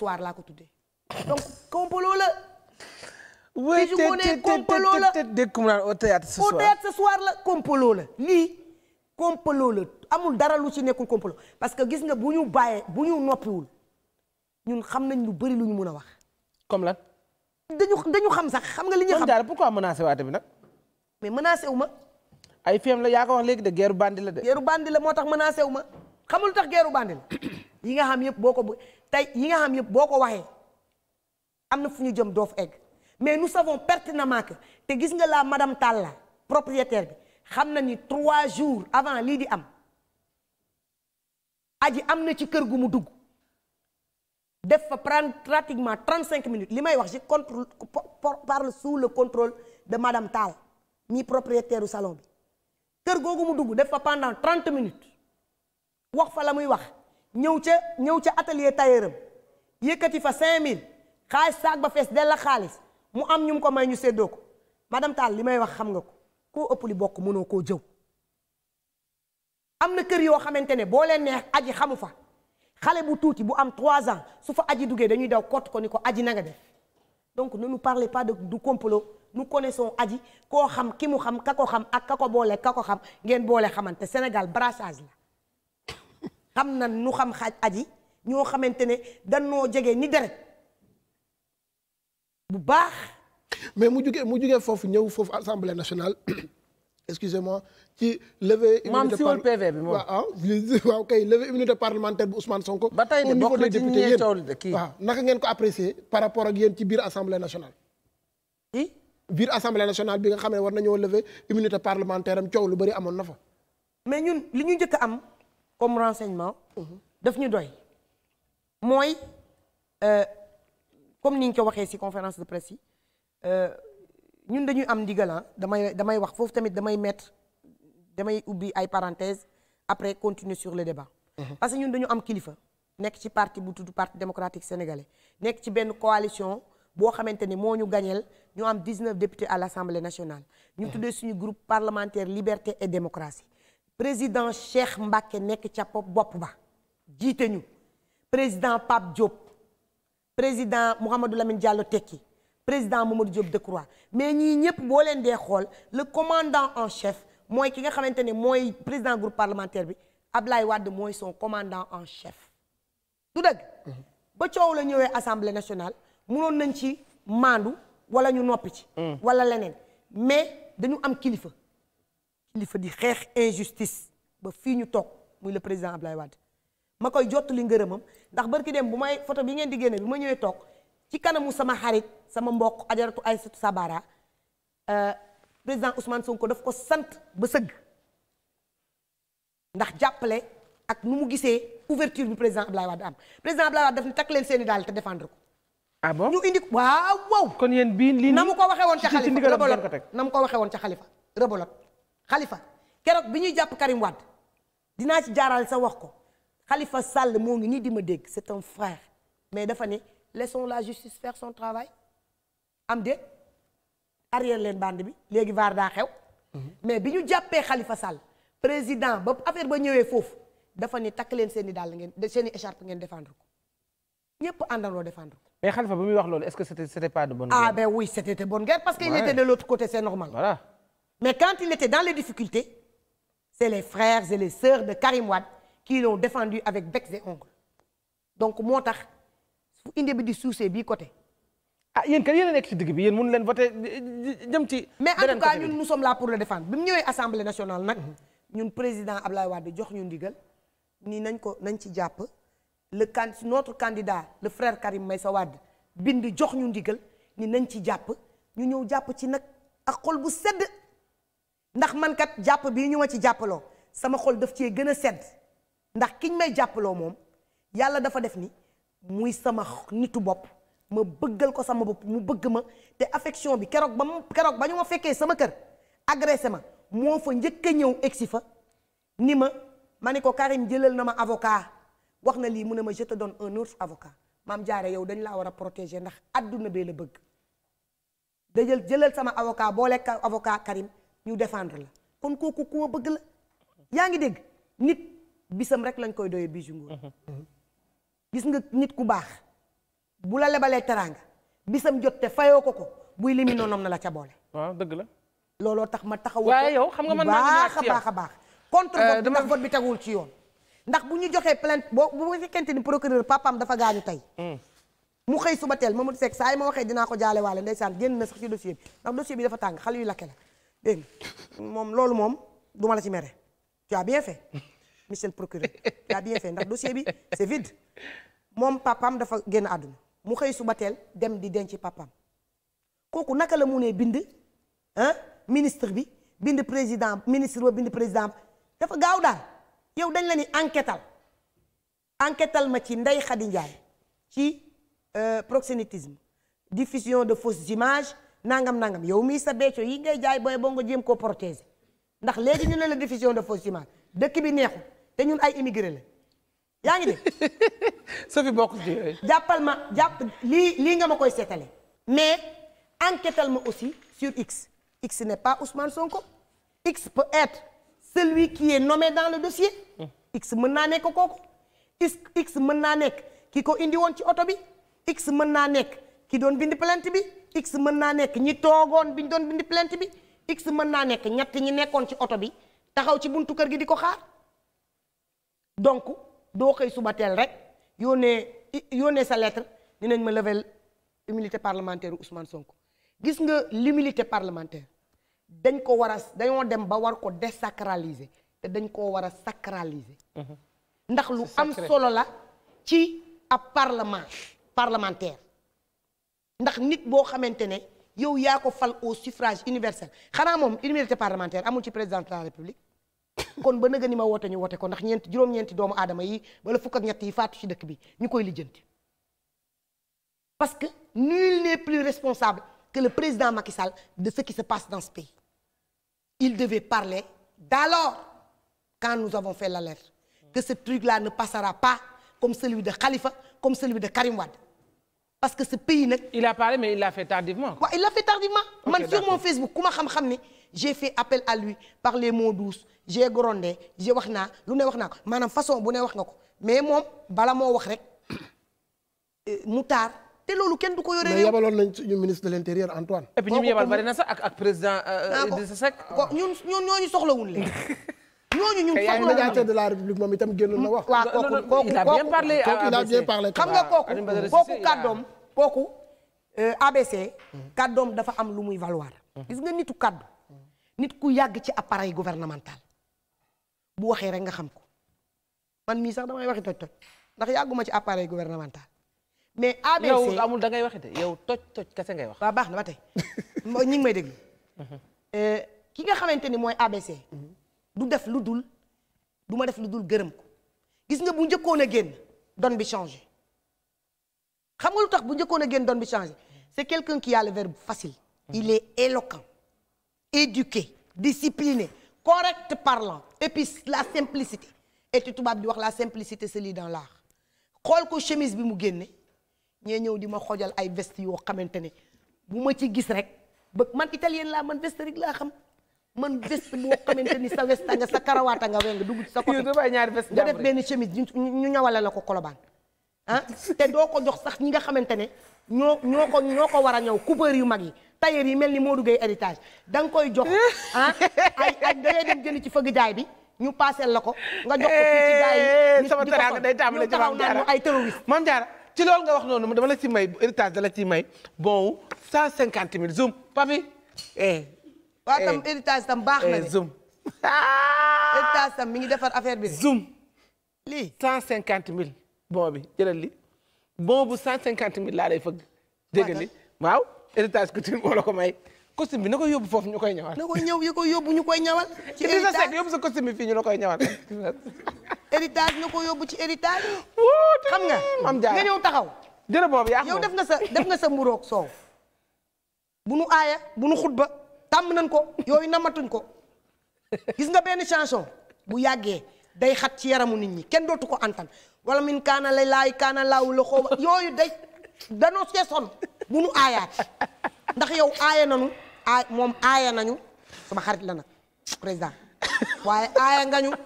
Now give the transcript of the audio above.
soir laa ko tudde donc complot la. oui te te te te dégg naan au théâtre ce soir la complot la lii complot la amul dara lu ci nekkul complot parce que gis nga bu ñu bàyyee bu ñu noppiwul ñun xam nañ lu bëri lu ñu mën a wax. comme lan. dañu dañu xam sax xam nga li ñu xam. ko pourquoi menacé waa bi nag. mais menacé wu ma. ay fem la yaa ko wax léegi de guerre bandi la de. guerre bandi la moo tax menacé wu ma xamul tax guerre bandi la. yi nga xam yëpp boo ko tey yi nga xam yëpp boo ko waxee am na fu ñu jëm doofu egg mais nous savons na que te gis nga la madame la propriétaire bi xam na ni trois jours avant lii di am aji am na ci kër gu mu dugg def fa pratiquement trente cinq minutes li may wax je contrôle parle sous le contrôle de madame Tall mi propriétaire u salon bi kër googu mu dugg def fa pendant trente minutes wax fa la muy wax ñëw ca ñëw ca atelier tailleuram yëkkati fa mille xaalis saag ba fees dell xaalis mu am ñu ko may ñu seddoo ko madame Tall li may wax xam nga ko koo ëpp li bokk mënoo koo jëw. am na kër yoo xamante ne boo leen neex aji xamu fa xale bu tuuti bu am trois ans su fa aji duggee dañuy daw kott ko ni ko aji na nga def donc ne nous parlez pas de du complot. nous connaissons aji koo xam ki mu xam ka ko xam ak ka ko boole ka ko xam ngeen boole xamante Sénégal brassage la xam na nu xam xaaj aji ñoo xamante ne danoo jege ni deret bu baax mais mu jugee mu jugee foofu ñëw foofu assemblée nationale excusez ci lever immunité siwal PV bi moom waaw ah, parlementaire bu Ousmane Sonko ba tey de bokk na ci ñee coow kii waaw naka ngeen ko apprécier par rapport ak yéen ci biir assemblée nationale i biir assemblée nationale bi nga xam ne war nañoo lever immunité parlementaire am coow lu bari amoon na fa mais ñun li ñu njëkk am comme renseignement mhm. daf ñu doy mooy euh, comme ni ñu ko waxee ci conférence de presse yi euh, ñun dañuy am ndigalan ah, damay damay wax foofu tamit damay mettre damay ubbi ay parenthèse après continuer sur le débat mhm. parce que ñun dañu am kilifa nekk ci parti bu tudd parti démocratique sénégalais nekk ci benn coalition boo xamante ni moo ñu gañeel ñu am 19 députés à l'Assemblée nationale ñu mhm. tuddee suñu groupe parlementaire liberté et démocratie président Cheikh Mbacke nekk ca bopp ba jiite ñu président Pape Diop président Mouhamadou Lamine Diallo Tekki président Mamadou Diop Decroix mais ñii ñëpp boo leen dee xool le commandant en chef mooy ki nga xamante ne mooy président groupe parlementaire bi Ablaye wadd mooy soo commandant en chef. du dëgg. ba coow la ñëwee assemblée nationale munoon nañ ci maandu wala ñu noppi ci. Mm. wala leneen mais dañu am kilifa. fa di xeex injustice ba fii ñu toog muy la président lay Wade ma koy jot jottali ngërëmam ndax barki dem bu may photo bi ngeen di génne bi ma ñëwee toog ci kanamu sama xarit sama mboq ajaratu ay Aïssatou Sabara euh, président Ousmane Sonko daf ko sant ba sëgg ndax jàppale ak nu mu gisee ouverture bi président Ablaye Wade am président Ablaye Wade daf ne takk leen seeni daal te défendre ko. ah bon ñu indi waaw waaw. kon yéen bii lii na mu ko ca xalifa rëbolot na mu ko waxee woon xalifa rëbolot xalifa keroog bi ñuy jàpp Karim dinaa ci jaaral sa wax ko xalifa Sall moo ngi nii di ma dégg c'est un frère mais dafa ne laissons la justice faire son travail am de arrière leen bande bi léegi vaar daa xew. mais bi ñu jàppee xalifa Sall président ba affaire ba ñëwee foofu dafa ne takk leen seen i dàll ngeen seen i écharpe ngeen défendre ko ñëpp àndandoo mais xalifa ba muy wax loolu est-ce que c'était c'était pas de bonne ah guerre. ah ben oui c'était de Mais quand il était dans les difficultés, c'est les frères et les sœurs de Karim Wade qui l'ont défendu avec becs et ongles. donc moo tax fu indi bi di suusee bii côté. ah yéen kan yéen a nekk ci digg bi yéen mënu leen voté jëm ci. mais en tout cas ñun nous sommes pour le défendre bi mu ñëwee assemblée nationale nag. ñun président Ablaye Wade jox ñu ndiggal nii nañ ko nañ ci jàpp le can notre candidat le frère Karim Meïssa Wade bind jox ñu ndigal ni nañ ci jàpp ñu ñëw jàpp ci nag ak bu sedd. ndax man kat jàpp bii ñu ma ci jàppaloo sama xol daf cee gën a sedd ndax kiñ may jàppaloo moom yàlla dafa def ni muy sama nitu bopp ma bëggal ko sama bopp mu bëgg ma te affection bi keroog ba mu keroog ba ñu ma fekkee sama kër agressé ma moo fa njëkk a ñëw egsi fa ni ma ma ni ko Karim jëlal na ma avoca wax na lii mu ne ma je te donne un autre avocat maam jaare yow dañ laa war a protéger ndax àdduna bee la bëgg dajal jëlal sama avoca boo lekk avoca Karim ñu defendre la kon kooku ku ma bëgg la yaa ngi dégg nit bisam rek lañ koy doyee Bijou Ngoné mhm. gis nga nit ku baax bu la lebalee teraanga bisam jot te fayoo ko ko buy limi noonam na la ca boole waaw ah, dëgg la looloo tax ma taxawu waaye xam nga man baax a baax baax contre vote euh, ndax vote bi teguwul ci yoon ndax bu ñu joxee plainte boo bu fekkente ni procureur papam dafa gaañu tey mm. mu xëy suba teel Mamadou Seck saa yi ma waxee dinaa ko jaale waale ndeysaan génn na sax ci dossier bi ndax dossier bi dafa tàng xale yu lakke dégg moom loolu moom duma la ci mere tu as bien fait monsieur le procureur tu bien fait ndax dossier bi c'est vide moom papam dafa génn àdduna mu xëy suba teel dem di denc papam kooku naka la mu ne bind ah ministre bi bind président ministre ba bind président dafa gaaw daal yow dañ la ni enquêtal enquêtal ma ci Ndeye Khady Ndiaye ci euh, proxénétisme diffusion de fausses images nangam nangam yow mii sa bécco yi ngay jaay booy boo nga jéem koo protéger ndax léegi ñu ne la diffusion de fausses images dëkk bi neexul te ñun ay immigré la yaa ngi dégg. Sophie bokk jàppal ma jàpp lii lii nga ma koy seetale mais enquetal ma aussi sur X X n'est pas Ousmane Sonko X peut être celui qui est nommé dans le dossier. X mën naa nekk kooku. X X mën naa nekk ki ko indi woon ci oto bi. X mën naa nekk ki doon bindi plainte bi. x mën naa nekk ñi toogoon biñ doon bindi plainte bi x mën naa nekk ñett ñi nekkoon ci oto bi taxaw ci buntu kër gi di ko xaar donc doo xëy suba teel rek yónnee yónnee sa lettre dinañ ma lever l'immunité parlementaire Ousmane Sonko gis nga l'immunité parlementaire dañ ko war a dañoo dem ba war ko désacraliser te dañ koo war a sacraliser. Mhm. ndax lu am solo la ci ab parlement parlementaire. ndax nit boo xamante ne yow yaa ko fal au suffrage universel xanaa moom immunité parlementaire amul ci président de la république kon ba nëga ni ma woote ñu woote ko ndax ñeenti juróom-ñeenti doomu aadama yi wala fukk ak ñett yi faatu ci dëkk bi ñu koy lijjanti parce que nul n'est plus responsable que le président Macky Sall de ce qui se passe dans ce pays il devait parler d'alors quand nous avons fait l'alerte que ce truc là ne passera pas comme celui de Khalifa comme celui de Karim parce que ce pays nag. il a parlé mais il l'a fait tardivement. waaw il l'a fait tardivement. Okay, man sur Facebook ku ma xam-xam ni j'ai fait appel à lui par les mots douces j'ai grondé j'ai wax naa lu ne wax naa ko maanaam façon bu ne wax nga ko mais moom bala moo wax rek euh, mu taar te loolu kenn ko yore. mais yabaloon nañ suñu ministre de l'intérieur Antoine. et puis ñu yabal bari na sax ak ak président euh, Idrissa Seck. ñun ñooñu soxlawul leen. ñooñu ñun foog de la république moom itam génn na wax. waaw kooku kooku il a bien parlé xam nga kooku kooku kàddoom kooku euh, ABC. Mm-hmm. kàddoom dafa am lu muy valoir. Mm-hmm. gis nga nitu kàddu. Mm-hmm. nit ku yàgg ci appareil gouvernemental. bu waxee rek nga xam ko man mii sax damay waxi toj toj ndax yàgguma ci appareil gouvernemental. mais ABC amul da ngay waxi de yow toj toj kese ngay wax. waaw baax na ba tey ñi ngi may déglu. Euh, ki nga xamante ni mooy ABC. du def lu dul du ma def lu dul gërëm ko gis nga bu njëkkoon a génn don bi changé xam nga lu tax bu njëkkoon a génn don bi changé c'est quelqu'un qui a le verbe facile mm-hmm. il est éloquent éduqué discipliné correct parlant et la simplicité et tubaab di wax la simplicité se lit dans l'art xool ko chemise bi mu génne ñee ñëw di ma xojal ay veste yoo xamante ne bu ma ci gis rek ba man italien laa man veste rek laa xam man veste boo xamante ni sa veste nga sa karawaata nga weng dugg ci sa côté nga def benn chemise ñu ñawale la ko kolobaan ah, te doo ko jox sax ñi nga xamante ne ñoo ñoo ko ñoo ko war a ñëw coupeur yu mag yi tailleur yi mel ni moo Gueye héritage da nga koy jox ah ay ay da ngay dem jënd ci fa jaay bi ñu paaseel la ko nga jox ko ci jaay yi eh, sama teraanga day tàmbale ci Mame Diarra ay terroriste Mame Diarra ci loolu nga wax noonu dama la ci may héritage dala ci may bon cent cinquante mille zoom papi eh, waa tam eh. héritage tam baax na eh, de zoom héritage tam mi ngi defar affaire bi zoom lii cent cinquante mille bon bi jëlal li bon bu cent cinquante mille laa lay fëgg dégg li waaw héritage couture moo la ko may costume bi na ko yóbbu foofu ñu koy ñawal na ko ñëw yi ko yóbbu ñu koy ñawal ci héritage sa yóbbu sa costume bi fii ñu la koy ñawal héritage na ko yóbbu ci héritage xam nga mam jaar nga ñëw taxaw jërë boobu yaa yow def nga sa def nga sa mburoog soow bu nu aaya bu nu xutba tàmm nañ ko yooyu namatuñ ko gis nga benn chanson bu yàggee day xat ci yaramu nit ñi kenn dootu ko antan wala min kaana lay laay kaana laaw la xoowa yooyu day danoo seesoon bu nu aayaat ndax yow aaya nañu aay moom aaya nañu sama xarit la nag président waaye aaya ngañu